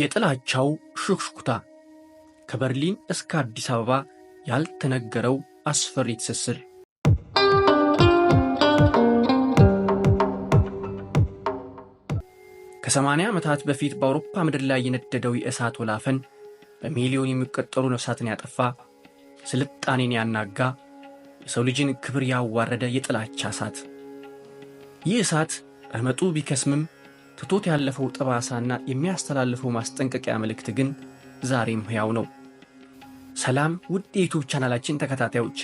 የጥላቻው ሹክሹክታ ከበርሊን እስከ አዲስ አበባ ያልተነገረው አስፈሪ ትስስር ከሰማንያ ዓመታት በፊት በአውሮፓ ምድር ላይ የነደደው የእሳት ወላፈን በሚሊዮን የሚቆጠሩ ነፍሳትን ያጠፋ፣ ስልጣኔን ያናጋ፣ የሰው ልጅን ክብር ያዋረደ የጥላቻ እሳት። ይህ እሳት ረመጡ ቢከስምም ትቶት ያለፈው ጠባሳና የሚያስተላልፈው ማስጠንቀቂያ መልእክት ግን ዛሬም ሕያው ነው። ሰላም ውድ የዩቱብ ቻናላችን ተከታታዮች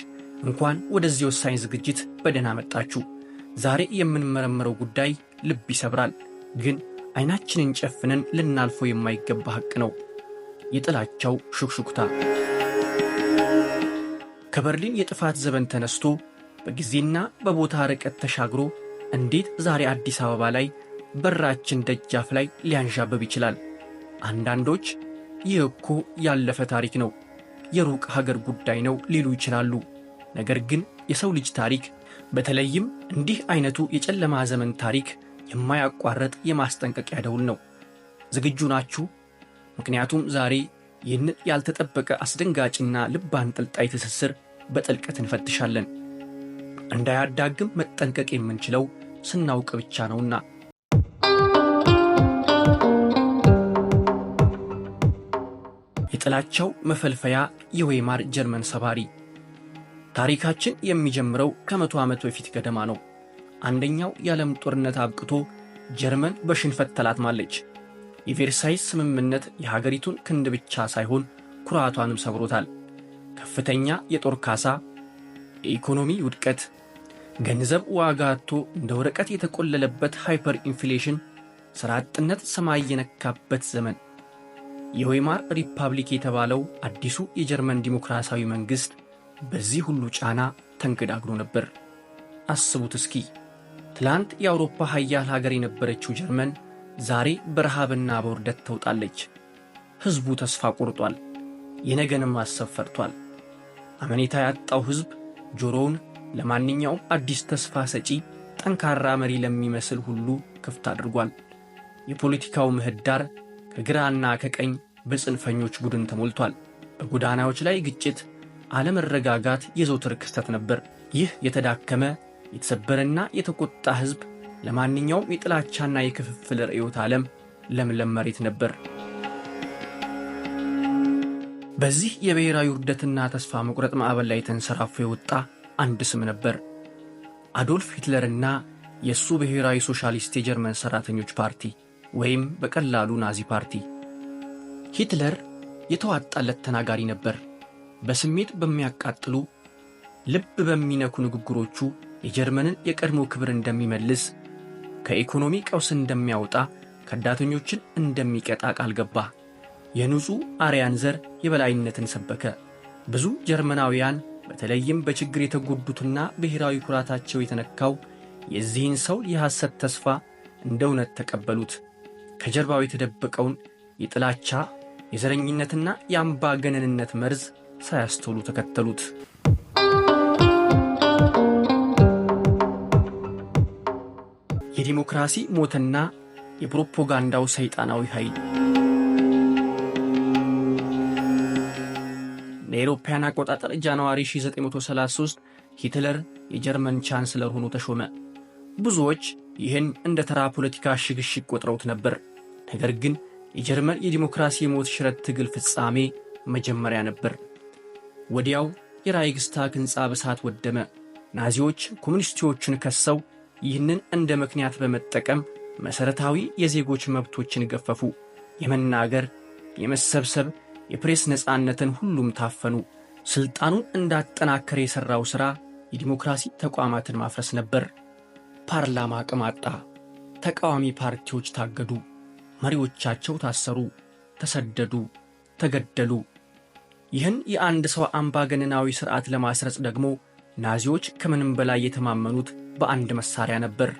እንኳን ወደዚህ ወሳኝ ዝግጅት በደህና መጣችሁ። ዛሬ የምንመረምረው ጉዳይ ልብ ይሰብራል፣ ግን አይናችንን ጨፍነን ልናልፈው የማይገባ ሐቅ ነው። የጥላቻው ሹክሹክታ ከበርሊን የጥፋት ዘበን ተነስቶ በጊዜና በቦታ ርቀት ተሻግሮ እንዴት ዛሬ አዲስ አበባ ላይ በራችን ደጃፍ ላይ ሊያንዣብብ ይችላል። አንዳንዶች ይህ እኮ ያለፈ ታሪክ ነው፣ የሩቅ ሀገር ጉዳይ ነው ሊሉ ይችላሉ። ነገር ግን የሰው ልጅ ታሪክ በተለይም እንዲህ አይነቱ የጨለማ ዘመን ታሪክ የማያቋረጥ የማስጠንቀቂያ ደውል ነው። ዝግጁ ናችሁ? ምክንያቱም ዛሬ ይህንን ያልተጠበቀ አስደንጋጭና ልብ አንጠልጣይ ትስስር በጥልቀት እንፈትሻለን። እንዳያዳግም መጠንቀቅ የምንችለው ስናውቅ ብቻ ነውና። የጥላቻው መፈልፈያ የዌይማር ጀርመን ሰባሪ ታሪካችን የሚጀምረው ከመቶ ዓመት በፊት ገደማ ነው። አንደኛው የዓለም ጦርነት አብቅቶ ጀርመን በሽንፈት ተላትማለች። የቬርሳይስ ስምምነት የሀገሪቱን ክንድ ብቻ ሳይሆን ኩራቷንም ሰብሮታል። ከፍተኛ የጦር ካሳ፣ የኢኮኖሚ ውድቀት፣ ገንዘብ ዋጋ አጥቶ እንደ ወረቀት የተቆለለበት ሃይፐር ኢንፍሌሽን፣ ሥራ አጥነት ሰማይ የነካበት ዘመን የዌማር ሪፐብሊክ የተባለው አዲሱ የጀርመን ዲሞክራሲያዊ መንግሥት በዚህ ሁሉ ጫና ተንገዳግዶ ነበር። አስቡት እስኪ ትላንት የአውሮፓ ሀያል ሀገር የነበረችው ጀርመን ዛሬ በረሃብና በውርደት ተውጣለች። ሕዝቡ ተስፋ ቆርጧል፣ የነገንም ማሰብ ፈርቷል። አመኔታ ያጣው ሕዝብ ጆሮውን ለማንኛውም አዲስ ተስፋ ሰጪ ጠንካራ መሪ ለሚመስል ሁሉ ክፍት አድርጓል። የፖለቲካው ምህዳር ከግራና ከቀኝ በጽንፈኞች ቡድን ተሞልቷል። በጎዳናዎች ላይ ግጭት፣ አለመረጋጋት የዘውትር ክስተት ነበር። ይህ የተዳከመ የተሰበረና የተቆጣ ሕዝብ ለማንኛውም የጥላቻና የክፍፍል ርዕዮተ ዓለም ለምለም መሬት ነበር። በዚህ የብሔራዊ ውርደትና ተስፋ መቁረጥ ማዕበል ላይ ተንሰራፎ የወጣ አንድ ስም ነበር። አዶልፍ ሂትለርና የእሱ ብሔራዊ ሶሻሊስት የጀርመን ሠራተኞች ፓርቲ ወይም በቀላሉ ናዚ ፓርቲ። ሂትለር የተዋጣለት ተናጋሪ ነበር። በስሜት በሚያቃጥሉ ልብ በሚነኩ ንግግሮቹ የጀርመንን የቀድሞ ክብር እንደሚመልስ፣ ከኢኮኖሚ ቀውስ እንደሚያወጣ፣ ከዳተኞችን እንደሚቀጣ ቃል ገባ። የንጹ አርያን ዘር የበላይነትን ሰበከ። ብዙ ጀርመናውያን በተለይም በችግር የተጎዱትና ብሔራዊ ኩራታቸው የተነካው የዚህን ሰው የሐሰት ተስፋ እንደ እውነት ተቀበሉት። ከጀርባው የተደበቀውን የጥላቻ የዘረኝነትና የአምባገነንነት መርዝ ሳያስተውሉ ተከተሉት። የዲሞክራሲ ሞትና የፕሮፓጋንዳው ሰይጣናዊ ኃይል ለአውሮፓውያን አቆጣጠር ጃንዋሪ 1933 ሂትለር የጀርመን ቻንስለር ሆኖ ተሾመ። ብዙዎች ይህን እንደ ተራ ፖለቲካ ሽግሽግ ቆጥረውት ነበር። ነገር ግን የጀርመን የዲሞክራሲ የሞት ሽረት ትግል ፍጻሜ መጀመሪያ ነበር። ወዲያው የራይግስታግ ሕንፃ በሳት ወደመ። ናዚዎች ኮሚኒስቶችን ከሰው ይህንን እንደ ምክንያት በመጠቀም መሠረታዊ የዜጎች መብቶችን ገፈፉ። የመናገር፣ የመሰብሰብ፣ የፕሬስ ነፃነትን ሁሉም ታፈኑ። ሥልጣኑን እንዳጠናከር የሠራው ሥራ የዲሞክራሲ ተቋማትን ማፍረስ ነበር። ፓርላማ አቅም አጣ። ተቃዋሚ ፓርቲዎች ታገዱ፣ መሪዎቻቸው ታሰሩ፣ ተሰደዱ፣ ተገደሉ። ይህን የአንድ ሰው አምባገነናዊ ሥርዓት ለማስረጽ ደግሞ ናዚዎች ከምንም በላይ የተማመኑት በአንድ መሳሪያ ነበር፣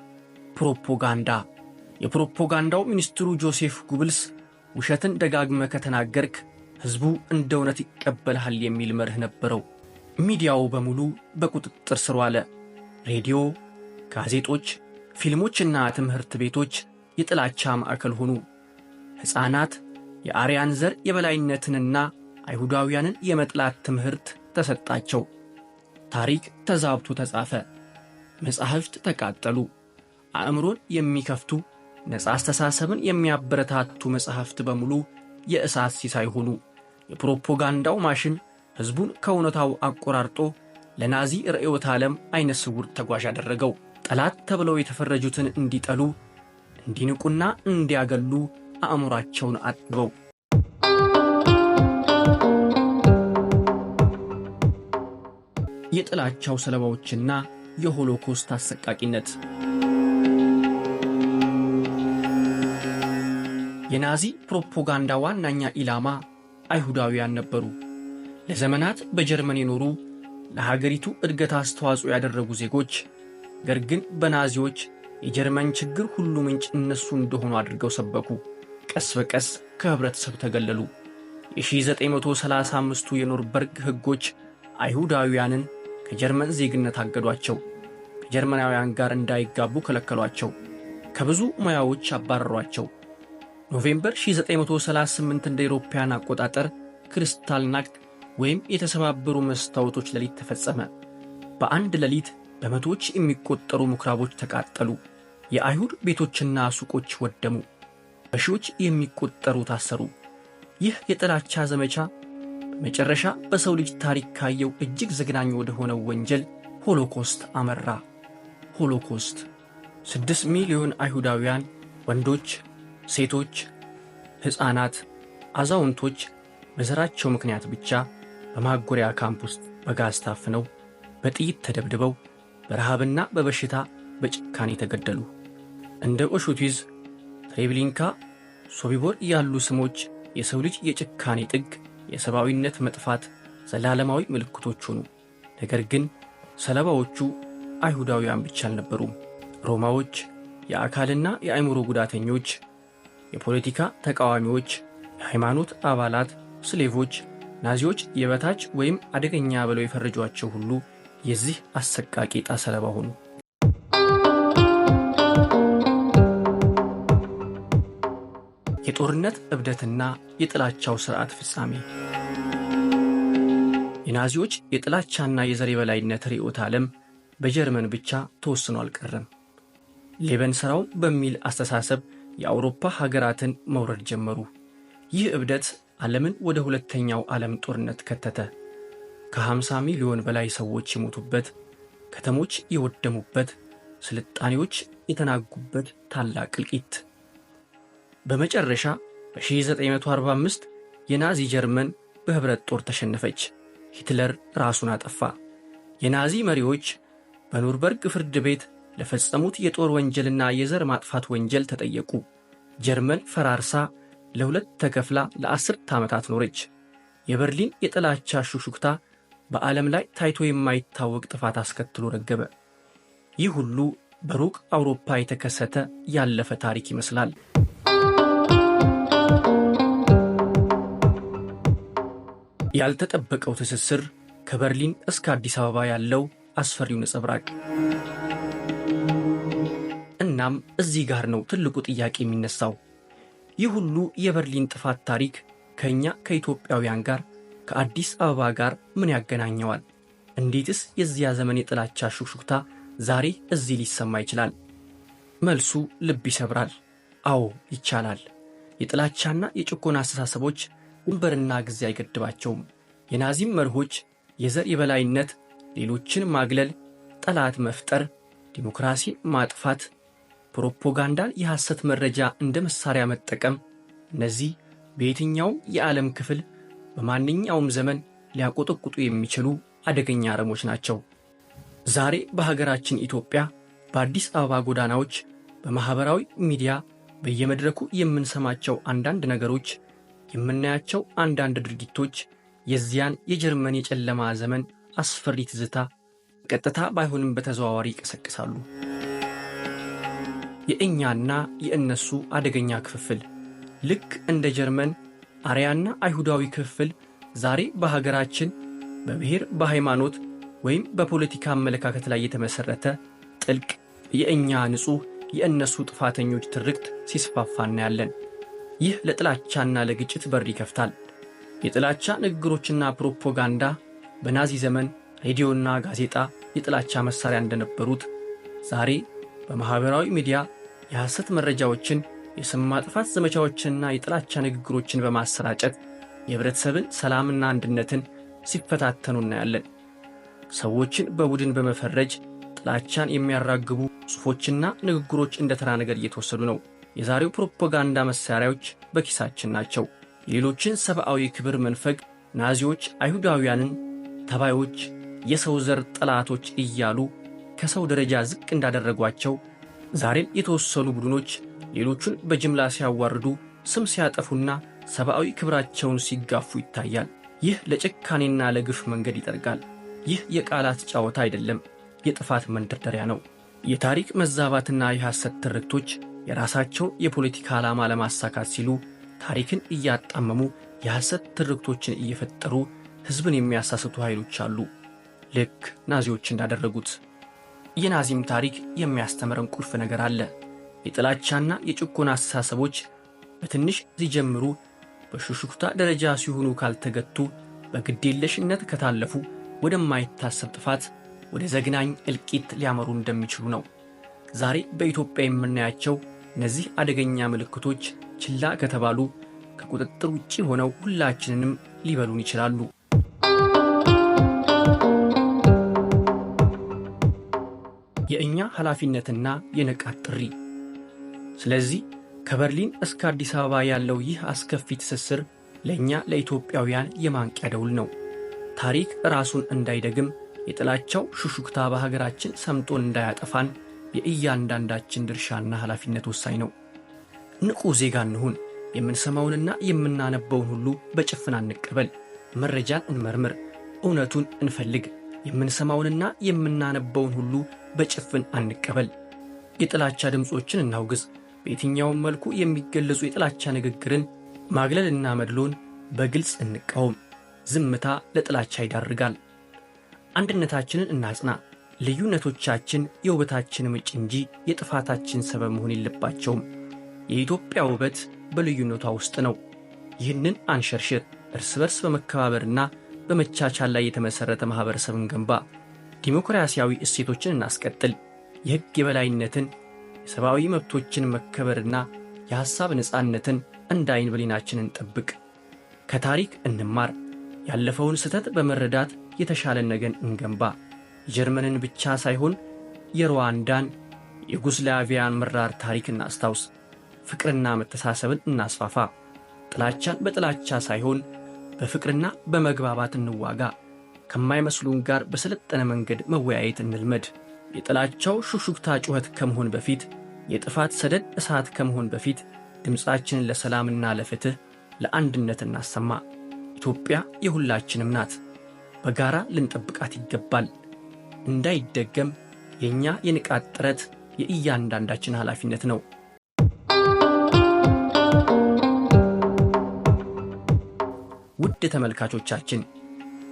ፕሮፖጋንዳ። የፕሮፖጋንዳው ሚኒስትሩ ጆሴፍ ጉብልስ ውሸትን ደጋግመ ከተናገርክ ሕዝቡ እንደ እውነት ይቀበልሃል የሚል መርህ ነበረው። ሚዲያው በሙሉ በቁጥጥር ስር አለ ሬዲዮ፣ ጋዜጦች፣ ፊልሞችና ትምህርት ቤቶች የጥላቻ ማዕከል ሆኑ። ሕፃናት የአርያን ዘር የበላይነትንና አይሁዳውያንን የመጥላት ትምህርት ተሰጣቸው። ታሪክ ተዛብቶ ተጻፈ። መጻሕፍት ተቃጠሉ። አእምሮን የሚከፍቱ ነፃ አስተሳሰብን የሚያበረታቱ መጻሕፍት በሙሉ የእሳት ሲሳይ ሆኑ። የፕሮፓጋንዳው ማሽን ሕዝቡን ከእውነታው አቆራርጦ ለናዚ ርዕዮተ ዓለም ዐይነ ስውር ተጓዥ አደረገው። ጠላት ተብለው የተፈረጁትን እንዲጠሉ እንዲንቁና እንዲያገሉ አእምሯቸውን አጥበው የጥላቻው ሰለባዎችና የሆሎኮስት አሰቃቂነት የናዚ ፕሮፓጋንዳ ዋናኛ ኢላማ አይሁዳውያን ነበሩ። ለዘመናት በጀርመን የኖሩ ለሀገሪቱ እድገት አስተዋጽኦ ያደረጉ ዜጎች ነገር ግን በናዚዎች የጀርመን ችግር ሁሉ ምንጭ እነሱ እንደሆኑ አድርገው ሰበኩ። ቀስ በቀስ ከህብረተሰብ ተገለሉ። የ1935ቱ የኖርበርግ ህጎች አይሁዳውያንን ከጀርመን ዜግነት አገዷቸው። ከጀርመናውያን ጋር እንዳይጋቡ ከለከሏቸው። ከብዙ ሙያዎች አባረሯቸው። ኖቬምበር 1938 እንደ አውሮፓውያን አቆጣጠር ክሪስታልናክት ወይም የተሰባበሩ መስታወቶች ሌሊት ተፈጸመ። በአንድ ሌሊት በመቶዎች የሚቆጠሩ ምኩራቦች ተቃጠሉ። የአይሁድ ቤቶችና ሱቆች ወደሙ። በሺዎች የሚቆጠሩ ታሰሩ። ይህ የጥላቻ ዘመቻ በመጨረሻ በሰው ልጅ ታሪክ ካየው እጅግ ዘግናኝ ወደ ሆነው ወንጀል ሆሎኮስት አመራ። ሆሎኮስት ስድስት ሚሊዮን አይሁዳውያን ወንዶች፣ ሴቶች፣ ሕፃናት፣ አዛውንቶች በዘራቸው ምክንያት ብቻ በማጎሪያ ካምፕ ውስጥ በጋዝ ታፍነው በጥይት ተደብድበው በረሃብና በበሽታ በጭካኔ ተገደሉ። እንደ ኦሹቲዝ፣ ትሬብሊንካ፣ ሶቢቦር ያሉ ስሞች የሰው ልጅ የጭካኔ ጥግ፣ የሰብአዊነት መጥፋት ዘላለማዊ ምልክቶች ሆኑ። ነገር ግን ሰለባዎቹ አይሁዳውያን ብቻ አልነበሩም። ሮማዎች፣ የአካልና የአእምሮ ጉዳተኞች፣ የፖለቲካ ተቃዋሚዎች፣ የሃይማኖት አባላት፣ ስሌቮች፣ ናዚዎች የበታች ወይም አደገኛ ብለው የፈረጇቸው ሁሉ የዚህ አሰቃቂ ዕጣ ሰለባ ሆኑ። የጦርነት እብደትና የጥላቻው ስርዓት ፍጻሜ የናዚዎች የጥላቻና የዘር የበላይነት ርዕዮተ ዓለም በጀርመን ብቻ ተወስኖ አልቀረም። ሌበን ሥራው በሚል አስተሳሰብ የአውሮፓ ሀገራትን መውረድ ጀመሩ። ይህ እብደት ዓለምን ወደ ሁለተኛው ዓለም ጦርነት ከተተ። ከ50 ሚሊዮን በላይ ሰዎች የሞቱበት፣ ከተሞች የወደሙበት፣ ስልጣኔዎች የተናጉበት ታላቅ እልቂት። በመጨረሻ በ1945 የናዚ ጀርመን በህብረት ጦር ተሸነፈች። ሂትለር ራሱን አጠፋ። የናዚ መሪዎች በኑርበርግ ፍርድ ቤት ለፈጸሙት የጦር ወንጀልና የዘር ማጥፋት ወንጀል ተጠየቁ። ጀርመን ፈራርሳ ለሁለት ተከፍላ ለአስርት ዓመታት ኖረች። የበርሊን የጥላቻ ሹክሹክታ በዓለም ላይ ታይቶ የማይታወቅ ጥፋት አስከትሎ ረገበ። ይህ ሁሉ በሩቅ አውሮፓ የተከሰተ ያለፈ ታሪክ ይመስላል። ያልተጠበቀው ትስስር ከበርሊን እስከ አዲስ አበባ ያለው አስፈሪው ነጸብራቅ። እናም እዚህ ጋር ነው ትልቁ ጥያቄ የሚነሳው። ይህ ሁሉ የበርሊን ጥፋት ታሪክ ከእኛ ከኢትዮጵያውያን ጋር ከአዲስ አበባ ጋር ምን ያገናኘዋል? እንዴትስ የዚያ ዘመን የጥላቻ ሹክሹክታ ዛሬ እዚህ ሊሰማ ይችላል? መልሱ ልብ ይሰብራል። አዎ ይቻላል። የጥላቻና የጭኮን አስተሳሰቦች ድንበርና ጊዜ አይገድባቸውም። የናዚም መርሆች የዘር የበላይነት፣ ሌሎችን ማግለል፣ ጠላት መፍጠር፣ ዲሞክራሲ ማጥፋት፣ ፕሮፖጋንዳን የሐሰት መረጃ እንደ መሳሪያ መጠቀም፣ እነዚህ በየትኛውም የዓለም ክፍል በማንኛውም ዘመን ሊያቆጠቁጡ የሚችሉ አደገኛ አረሞች ናቸው። ዛሬ በሀገራችን ኢትዮጵያ በአዲስ አበባ ጎዳናዎች፣ በማኅበራዊ ሚዲያ በየመድረኩ የምንሰማቸው አንዳንድ ነገሮች፣ የምናያቸው አንዳንድ ድርጊቶች የዚያን የጀርመን የጨለማ ዘመን አስፈሪ ትዝታ በቀጥታ ባይሆንም በተዘዋዋሪ ይቀሰቅሳሉ። የእኛና የእነሱ አደገኛ ክፍፍል ልክ እንደ ጀርመን አርያና አይሁዳዊ ክፍል ዛሬ በሀገራችን በብሔር በሃይማኖት ወይም በፖለቲካ አመለካከት ላይ የተመሠረተ ጥልቅ የእኛ ንጹሕ የእነሱ ጥፋተኞች ትርክት ሲስፋፋ እናያለን። ይህ ለጥላቻና ለግጭት በር ይከፍታል። የጥላቻ ንግግሮችና ፕሮፓጋንዳ በናዚ ዘመን ሬዲዮና ጋዜጣ የጥላቻ መሣሪያ እንደነበሩት ዛሬ በማኅበራዊ ሚዲያ የሐሰት መረጃዎችን የስም ማጥፋት ዘመቻዎችንና የጥላቻ ንግግሮችን በማሰራጨት የህብረተሰብን ሰላምና አንድነትን ሲፈታተኑ እናያለን። ሰዎችን በቡድን በመፈረጅ ጥላቻን የሚያራግቡ ጽሑፎችና ንግግሮች እንደ ተራ ነገር እየተወሰዱ ነው። የዛሬው ፕሮፓጋንዳ መሳሪያዎች በኪሳችን ናቸው። የሌሎችን ሰብአዊ ክብር መንፈግ ናዚዎች አይሁዳውያንን ተባዮች፣ የሰው ዘር ጠላቶች እያሉ ከሰው ደረጃ ዝቅ እንዳደረጓቸው ዛሬም የተወሰኑ ቡድኖች ሌሎቹን በጅምላ ሲያዋርዱ ስም ሲያጠፉና ሰብአዊ ክብራቸውን ሲጋፉ ይታያል። ይህ ለጭካኔና ለግፍ መንገድ ይጠርጋል። ይህ የቃላት ጨዋታ አይደለም፣ የጥፋት መንደርደሪያ ነው። የታሪክ መዛባትና የሐሰት ትርክቶች የራሳቸውን የፖለቲካ ዓላማ ለማሳካት ሲሉ ታሪክን እያጣመሙ የሐሰት ትርክቶችን እየፈጠሩ ሕዝብን የሚያሳስቱ ኃይሎች አሉ፣ ልክ ናዚዎች እንዳደረጉት። የናዚም ታሪክ የሚያስተምረን ቁልፍ ነገር አለ። የጥላቻና የጭቆና አስተሳሰቦች በትንሽ ሲጀምሩ በሹሹክታ ደረጃ ሲሆኑ ካልተገቱ፣ በግዴለሽነት ከታለፉ ወደማይታሰብ ጥፋት፣ ወደ ዘግናኝ እልቂት ሊያመሩ እንደሚችሉ ነው። ዛሬ በኢትዮጵያ የምናያቸው እነዚህ አደገኛ ምልክቶች ችላ ከተባሉ ከቁጥጥር ውጭ ሆነው ሁላችንንም ሊበሉን ይችላሉ። የእኛ ኃላፊነትና የንቃት ጥሪ ስለዚህ ከበርሊን እስከ አዲስ አበባ ያለው ይህ አስከፊ ትስስር ለእኛ ለኢትዮጵያውያን የማንቂያ ደውል ነው። ታሪክ ራሱን እንዳይደግም የጥላቻው ሹሹክታ በሀገራችን ሰምጦን እንዳያጠፋን የእያንዳንዳችን ድርሻና ኃላፊነት ወሳኝ ነው። ንቁ ዜጋ እንሁን። የምንሰማውንና የምናነበውን ሁሉ በጭፍን አንቀበል። መረጃን እንመርምር፣ እውነቱን እንፈልግ። የምንሰማውንና የምናነበውን ሁሉ በጭፍን አንቀበል። የጥላቻ ድምፆችን እናውግዝ። በየትኛውም መልኩ የሚገለጹ የጥላቻ ንግግርን ማግለልና መድሎን በግልጽ እንቃወም። ዝምታ ለጥላቻ ይዳርጋል። አንድነታችንን እናጽና። ልዩነቶቻችን የውበታችን ምጭ እንጂ የጥፋታችን ሰበብ መሆን የለባቸውም። የኢትዮጵያ ውበት በልዩነቷ ውስጥ ነው። ይህንን አንሸርሽር። እርስ በርስ በመከባበርና በመቻቻል ላይ የተመሠረተ ማኅበረሰብን ገንባ። ዲሞክራሲያዊ እሴቶችን እናስቀጥል። የሕግ የበላይነትን የሰብአዊ መብቶችን መከበርና የሐሳብ ነፃነትን እንደ አይን ብሌናችን እንጠብቅ ከታሪክ እንማር። ያለፈውን ስህተት በመረዳት የተሻለ ነገን እንገንባ። የጀርመንን ብቻ ሳይሆን የሩዋንዳን፣ የዩጎስላቪያን መራር ታሪክ እናስታውስ። ፍቅርና መተሳሰብን እናስፋፋ። ጥላቻን በጥላቻ ሳይሆን በፍቅርና በመግባባት እንዋጋ። ከማይመስሉን ጋር በሰለጠነ መንገድ መወያየት እንልመድ። የጥላቻው ሹሹክታ ጩኸት ከመሆን በፊት የጥፋት ሰደድ እሳት ከመሆን በፊት ድምፃችንን ለሰላምና ለፍትሕ ለአንድነት እናሰማ። ኢትዮጵያ የሁላችንም ናት። በጋራ ልንጠብቃት ይገባል። እንዳይደገም የእኛ የንቃት ጥረት የእያንዳንዳችን ኃላፊነት ነው። ውድ ተመልካቾቻችን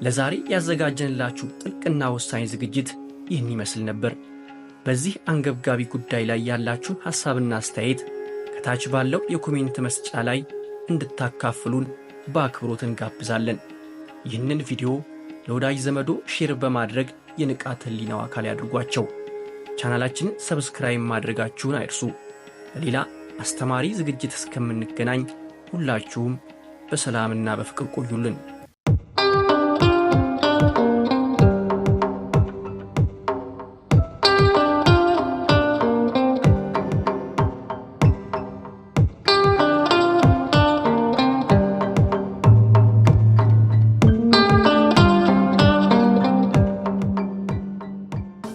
ለዛሬ ያዘጋጀንላችሁ ጥልቅና ወሳኝ ዝግጅት ይህን ይመስል ነበር። በዚህ አንገብጋቢ ጉዳይ ላይ ያላችሁን ሐሳብና አስተያየት ከታች ባለው የኮሜንት መስጫ ላይ እንድታካፍሉን በአክብሮት እንጋብዛለን። ይህንን ቪዲዮ ለወዳጅ ዘመዶ ሼር በማድረግ የንቃት ህሊናው አካል ያድርጓቸው። ቻናላችንን ሰብስክራይብ ማድረጋችሁን አይርሱ። በሌላ አስተማሪ ዝግጅት እስከምንገናኝ ሁላችሁም በሰላምና በፍቅር ቆዩልን።